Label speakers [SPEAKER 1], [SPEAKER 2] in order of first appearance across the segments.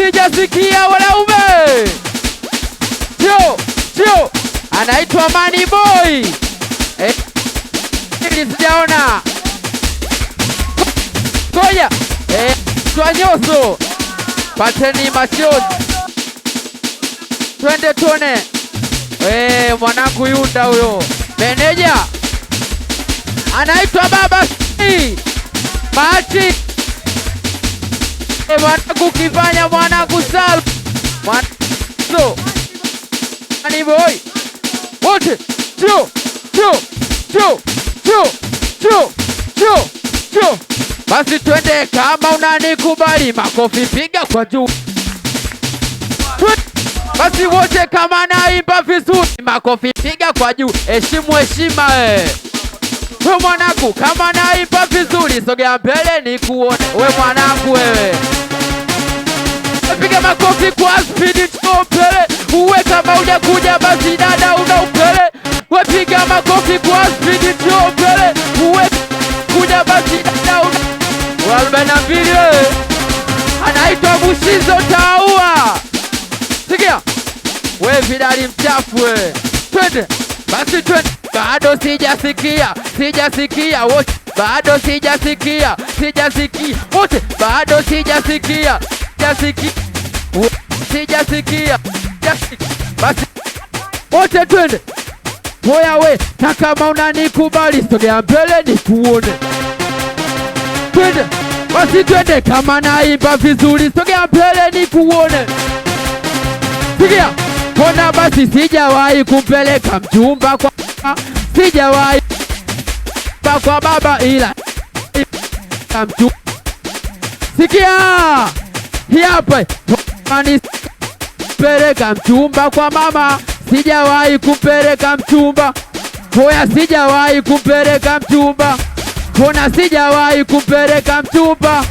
[SPEAKER 1] sijasikia wanaume. Jo, jo, anaitwa Money Boy. Eh, sijaona koya eh, twa nyoso pateni machozi twende tuone. eh, mwanangu Yunda huyo meneja anaitwa Baba Machi mwanangu kifanya mwanangu sal mwanzo ani boy wote cho cho cho cho cho cho cho basi twende, kama unanikubali makofi piga kwa juu. Basi wote kama naimba vizuri makofi piga kwa juu, eshimu heshima eh. We mwanangu, kama naipa vizuri, sogea mbele ni kuona. We mwanangu, wewe piga makofi kwa spidi, tuko mbele. Uwe kama hujakuja basi dada, una upele. We piga makofi kwa spidi, tuko mbele. Uwe kuja basi dada, una wa arobaini na mbili. Wewe anaitwa Bushizo Taua, sikia we vidali mchafu, we twende basi twen, bado sijasikia, sijasikia wote, bado sijasikia, sijasikia wote, bado sijasikia, sijasikia, basi wote twende. Moya we, na kama unanikubali sogea mbele nikuone, twende basi twende, kama naimba vizuri sogea mbele nikuone, sikia Kona basi, sijawahi kumpeleka mchumba kwa sijawahi kwa baba, ila sikia hiapa ani peleka mchumba kwa mama, sijawahi kumpeleka mchumba hoya, sijawahi kumpeleka mchumba kona, sijawahi kumpeleka mchumba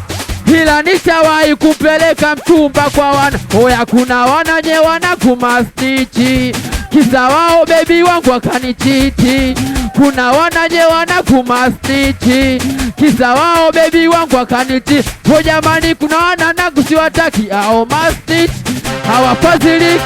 [SPEAKER 1] ila nishawahi kupeleka mchumba kwa wana oya, kuna wananye kumastichi kisa wao bebi wangu wakanichiti. Kuna wana kumastichi kisa wao bebi wangu wakanichiti. Ho jamani, kuna wananangu siwataki ao mastichi hawafaziliki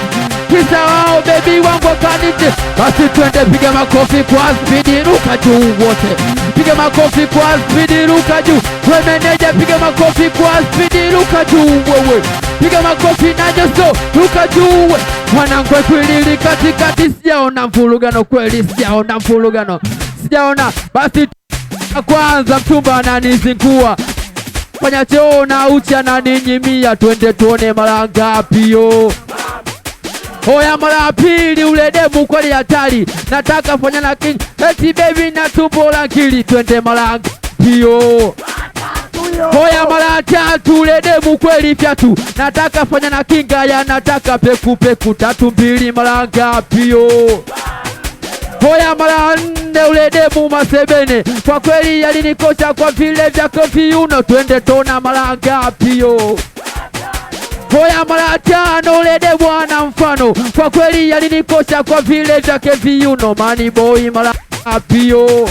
[SPEAKER 1] kisa wao bebi wangu wakanite, basi twende, piga makofi kwa spidi, ruka juu wote, piga makofi kwa spidi, ruka juu. We meneja, piga makofi kwa spidi, ruka juu wewe, piga makofi na Joso, ruka juu. Mwanangu kwilili katikati, sijaona mfurugano kweli, sijaona mfurugano, sijaona basi kwanza mtumba ananizingua fanya cheo na ucha na ninyimia, twende tuone mara ngapi yo Oya, mara pili, ule demu kweli hatari, nataka fanya na king eti baby na tupo la kili, twende mara hiyo. Oya, mara tatu, ule demu kweli fyatu, nataka fanya na kinga ya nataka peku peku, tatu mbili, mara ngapi yo. Oya, mara nne, ule demu masebene, kwa kweli alinikosha kwa vile vya kofi uno, twende tona, mara ngapi hiyo? Mola mara tano ulede bwana mfano, kwa kweli alinikosa kwa vile vyake viuno, mani boy mara apio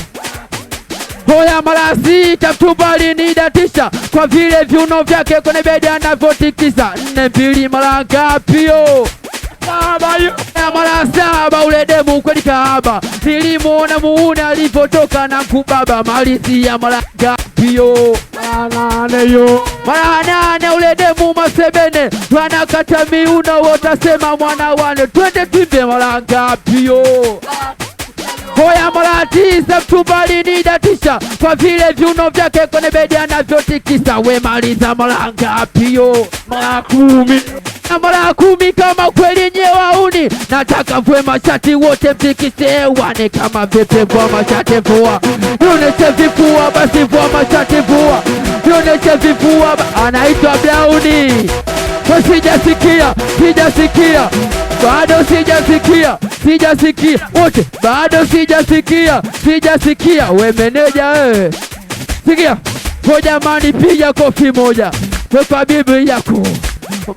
[SPEAKER 1] Hoya mara sita mtubali nidatisha kwa vile viuno vyake kwenye bedi anavyotikisa nne mbili mara ngapio mara saba ule demu kweli kahaba, nilimuona muune alipotoka na kubaba ya mara Pio ananayo maanane ule demu masebene wanakata wotasema mwana wane twende twimbe malanga pio Hoya mara tisa mtubali nidatisha kwa vile vyuno vyake kone bedi anavyotikisa we maliza mara mara kumi na mara kumi kama kweli nye nataka vwe mashati wote mtikise hewani kama vipi, vua mashati vua, ioneshe vifua basi, vua mashati vua, ioneshe vifua. Anaitwa Blauni, sijasikia sijasikia bado sijasikia sijasikia wote bado sijasikia sijasikia. We meneja wewe, sikia ko jamani, piga kofi moja, wekwa bibi yako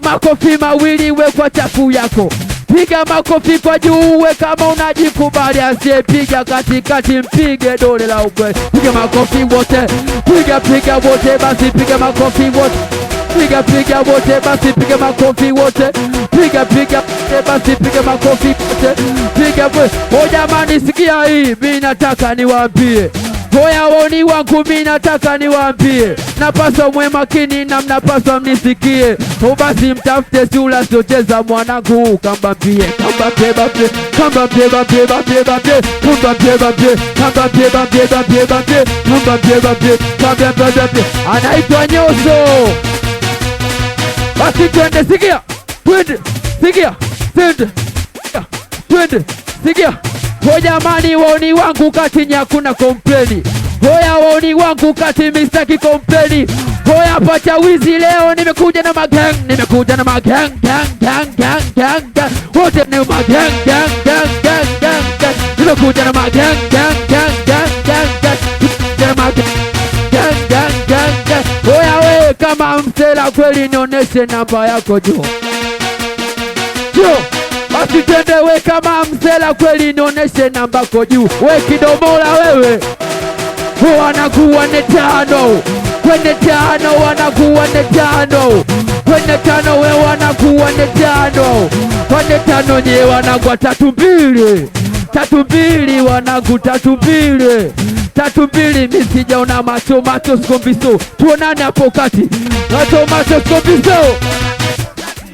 [SPEAKER 1] makofi mawili, wekwa chafu yako Piga makofi kwa juu, we kama unajikubali, asiyepiga katikati mpige dole la ugwe. Piga makofi wote, piga piga wote, basi piga makofi wote, piga piga wote, basi piga makofi wote, piga piga wote, basi piga makofi wote, piga. Oh jamani, sikia hii, mimi nataka niwaambie Hoya wauni wangu mi nataka niwaambie, napaswa mwe makini na mnapaswa mnisikie. Ubasi mtafute sula socheza mwanangu, kambambie anaitwa Nyoso. Basi twende, sikia twende, sikia twende, twende, sikia Ho jamani, waoni wangu kati nyakuna kompleni. Hoya waoni wangu kati mistaki kompleni. Hoya pacha wizi leo, nimekuja na magang, nimekuja na magang gang gang gang gang gang, wote ni magang gang gang gang gang gang, nimekuja na magang gang gang gang gang gang, nimekuja na magang gang gang gang gang. Hoya we, kama msela kweli, nionyeshe namba yako juu juu, asije kama mzela kweli, namba nambako juu. We kidomola wewe, wanakuwa ni tano kwenye tano, wanakuwa ni tano kwenye tano, we wanakuwa ni tano kwenye tano, nye wanagwa tatu mbili tatu mbili, wanangu tatu mbili tatu mbili, misijaona macho macho sikombiso, tuonane hapo kati, macho macho sikombiso,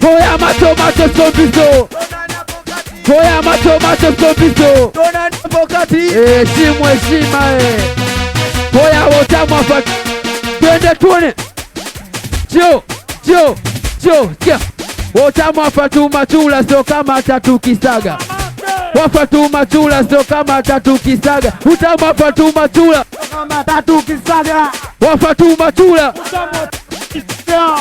[SPEAKER 1] hoya macho macho sikombiso Koya macho macho stopisto. Dona nipo kati. Eh, simu heshima eh. Koya wota mwafa. Twende tuone. Jo, jo, jo, jo. Wota mwafa tu machula sio kama hata tukisaga. Wafa tu machula sio kama hata tukisaga. Utamwafa tu machula. Kama hata tukisaga. Wafa tu machula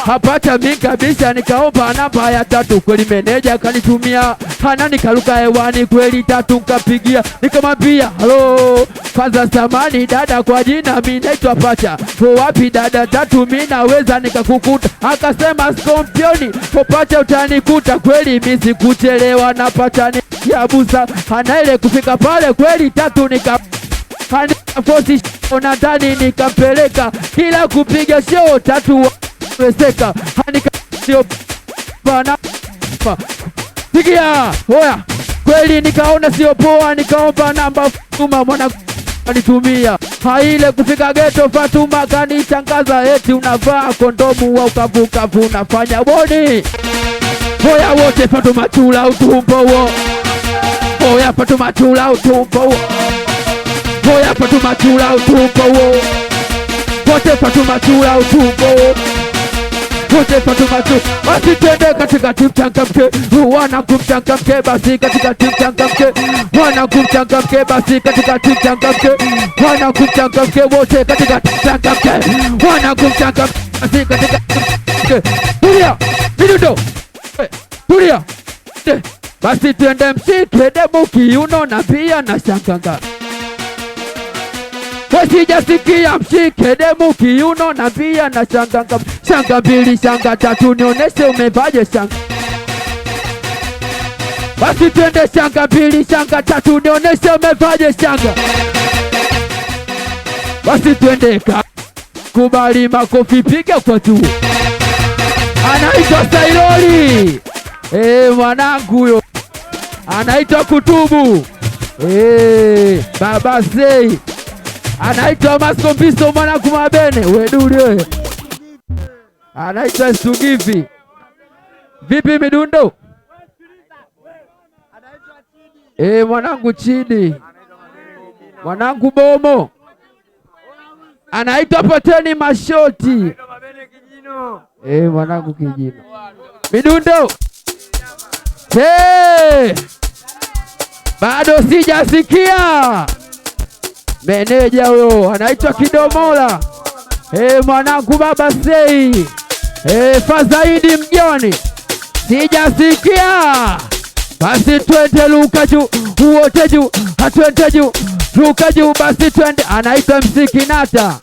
[SPEAKER 1] hapata mi kabisa, nikaomba namba ya tatu, kweli meneja kanitumia hana, nikaruka hewani kweli tatu, nkapigia nikamwambia, halo, kwanza samani dada, kwa jina mi naitwa Pacha, wapi dada tatu, mi naweza nikakukuta? Akasema skompioni popacha, utanikuta kweli, mimi sikuchelewa, napata ni ya busa, hana ile kufika pale kweli tatu nika ona ndani nikampeleka kila kupiga show tatu weseka hanika sio hoya kweli nikaona sio poa, nikaomba namba Fatuma mwana kanitumia haile kufika geto. Fatuma kanichangaza eti unavaa kondomu wa ukavukavu unafanya boni. Hoya wote Fatuma chula utumbo wo, hoya Fatuma chula utumbo wo Koya patumatula utumbo wo wote patumatula utumbo wo wote patumatula basi tende katika mke wana mke basi katika mke wana mke basi katika mke wana mke wote katika mke wana mke basi katika mke tulia vidudo tulia basi twende msi twende buki unaona pia na shanganga Kwe sijasikia mshike demu kiuno na pia na shanga Shanga mbili, shanga tatu, nioneshe umevaje shanga. Basi twende shanga mbili, shanga tatu, nioneshe umevaje shanga. Basi twende ka kubali makofi, piga kwa tu. Anaitwa Sailoli. Eh, mwanangu huyo anaitwa Kutubu. Eh, baba sei anaitwa Masco Mpiso mwana kumabene weduri wewe, anaitwa Sugivi. Vipi midundo e, mwanangu Chidi, mwanangu Bomo, anaitwa poteni Mashoti e, mwanangu Kijino midundo hey! bado sijasikia meneja huyo anaitwa Kidomola. Hey, eh, mwanangu baba sei hey, eh, fazaidi mjoni sijasikia, basi twende luka juu uote juu hatwende juu luka juu basi twende. Anaitwa msikinata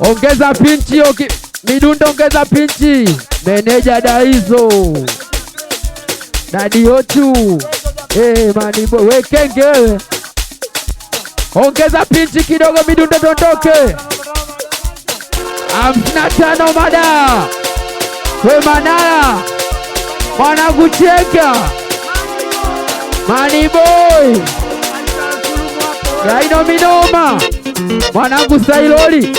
[SPEAKER 1] ongeza pinchi oki, midundo ongeza pinchi, meneja daizo dadiotu hey, eh, manibo wekenge wewe Ongeza pinchi kidogo, midundo dondoke. Amna tano mada we manara wanakucheka maniboi yaino minoma mwanakusailoli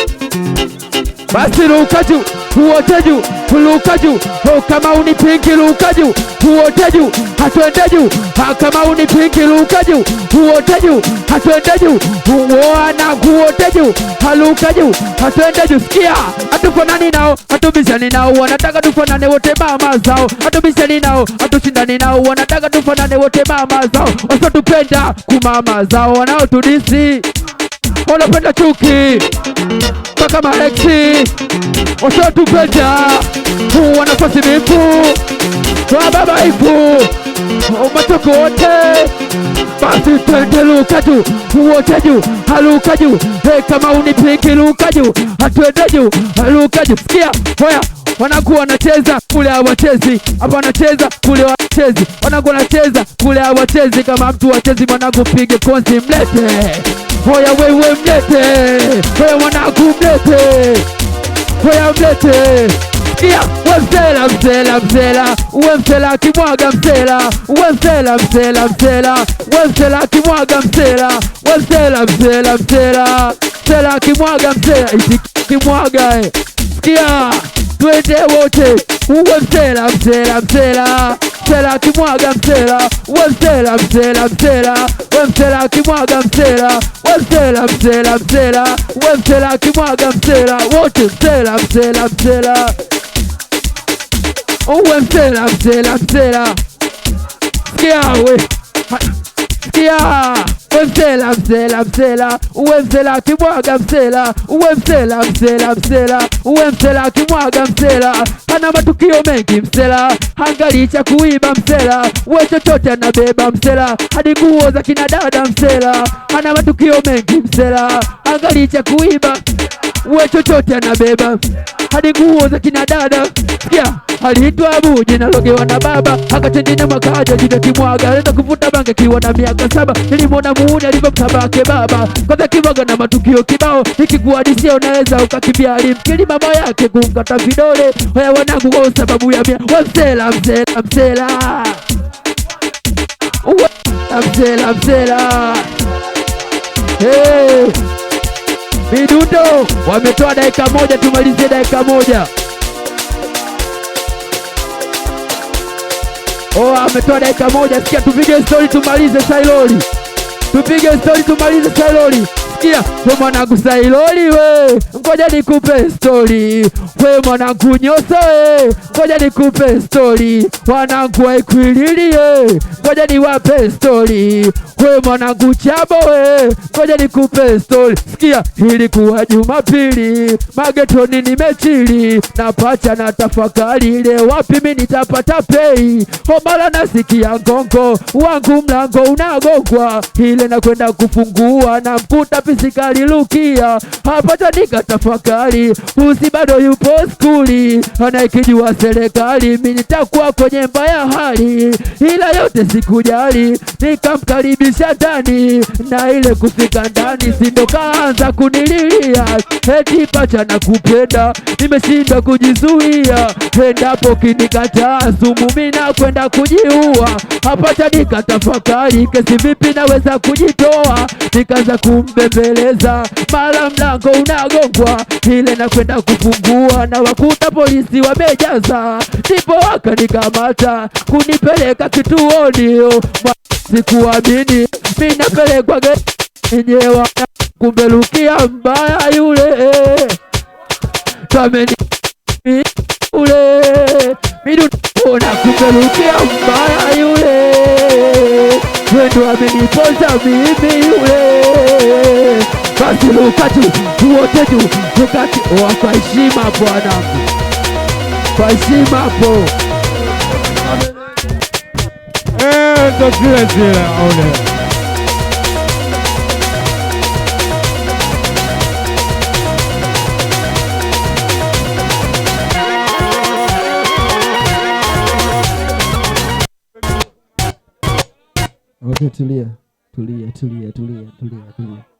[SPEAKER 1] basi lukaju tuote juu, tuluka juu, oh, kama unipinki luka juu, tuote juu, hatuende juu, ah, kama unipinki luka juu, tuote juu, hatuende juu, uona kuote juu, haluka ah, juu, hatuende juu. Sikia, hatufanani nao, hatubishani nao, wanataka tufanane wote mama zao, hatubishani nao, hatushindani nao, wanataka tufanane wote mama zao, wasotupenda kumama zao wanaotudisi wanapenda chuki mpaka maeksi washatupenda, huwa nafasi baba wababaifu umatoko wote basi twende Lukaju uote juu halukaju, hey, eh, kama Lukaju hatuende juu halukaju, sikia hoya wanakuwa wanacheza kule hawachezi, hapa wanacheza kule hawachezi, wanakuwa wanacheza kule hawachezi. Kama mtu wachezi, mwanangu mpige konzi, mlete hoya, wewe mlete hoya, mwanangu mlete hoya, mlete Iya, we msela msela msela, uwe msela kimwaga msela, uwe msela msela msela, uwe msela kimwaga msela, uwe msela msela msela, msela kimwaga msela, iti kimwaga eh. Sikia. Twende wote uwe mtela mtela mtela mtela kimwaga mtela uwe mtela mtela mtela uwe mtela kimwaga mtela uwe mtela mtela mtela uwe mtela kimwaga mtela wote mtela mtela mtela uwe mtela mtela mtela sikia we sikia we msela msela msela uwe msela kimwaga msela uwe msela msela msela uwe msela kimwaga msela hana matukio mengi msela hangali kuiba msela uwe chochote anabeba msela hadi nguo za kina dada msela hana matukio mengi msela hangali kuiba uwe chochote anabeba hadi nguo za kina dada yeah aliitwa Abu, jina logewa na baba, akatendina makaja jina kimwaga, alienda kuvuta bange kiwa na miaka saba. Nilimwona muuni alivyomtabake baba kwanza, kimwaga na matukio kibao, ikikuhadisia unaweza ukakimbia. Alimkiri mama yake kumkata vidole, haya wanangu, kwa sababu ya mia wamsela, msela, msela, msela, msela, hey. Midundo wametoa dakika moja, tumalizie dakika moja. Oh, ametoa dakika moja, sikia tupige stori tumalize Sailoli, tupige stori tumalize Sailoli. Sikia we mwanangu sailoli we, ngoja nikupe stori we mwanangu nyosa we, ngoja nikupe stori wanangu waikuililie, ngoja niwape stori we mwanangu chabo we, ngoja nikupe stori. Sikia ilikuwa Jumapili magetoni nimechili na pacha na tafakari ile wapi mimi nitapata pei omala nasikia ngongo wangu mlango unagongwa ile nakwenda kufungua na mkuta wapi ngapi zikalilukia, hapata tafakari usi bado yupo skuli, anaikijua serikali, mimi nitakuwa kwenye mbaya hali, ila yote sikujali, nikamkaribisha ndani, na ile kufika ndani sindo kaanza kunililia, eti pacha na kupenda, nimeshindwa kujizuia, endapo kinikataa sumu mina kwenda kujiua, hapata tafakari kesi vipi naweza kujitoa, nikaanza kumbe kupeleza, mara mlango unagongwa, ile nakwenda kufungua, na wakuta polisi wamejaza, ndipo wakanikamata kunipeleka kituoni. Oh, sikuamini mimi napelekwa enyewa, wana Rukia mbaya yule twameni ule miduna, kumbe mbaya yule wendo amenipoza mimi yule Katili, ukatili wote tu ukati wa kwa heshima bwanangu, kwa heshima hapo eh, ndo zile zile aone Okay, tulia tulia tulia tulia tulia tulia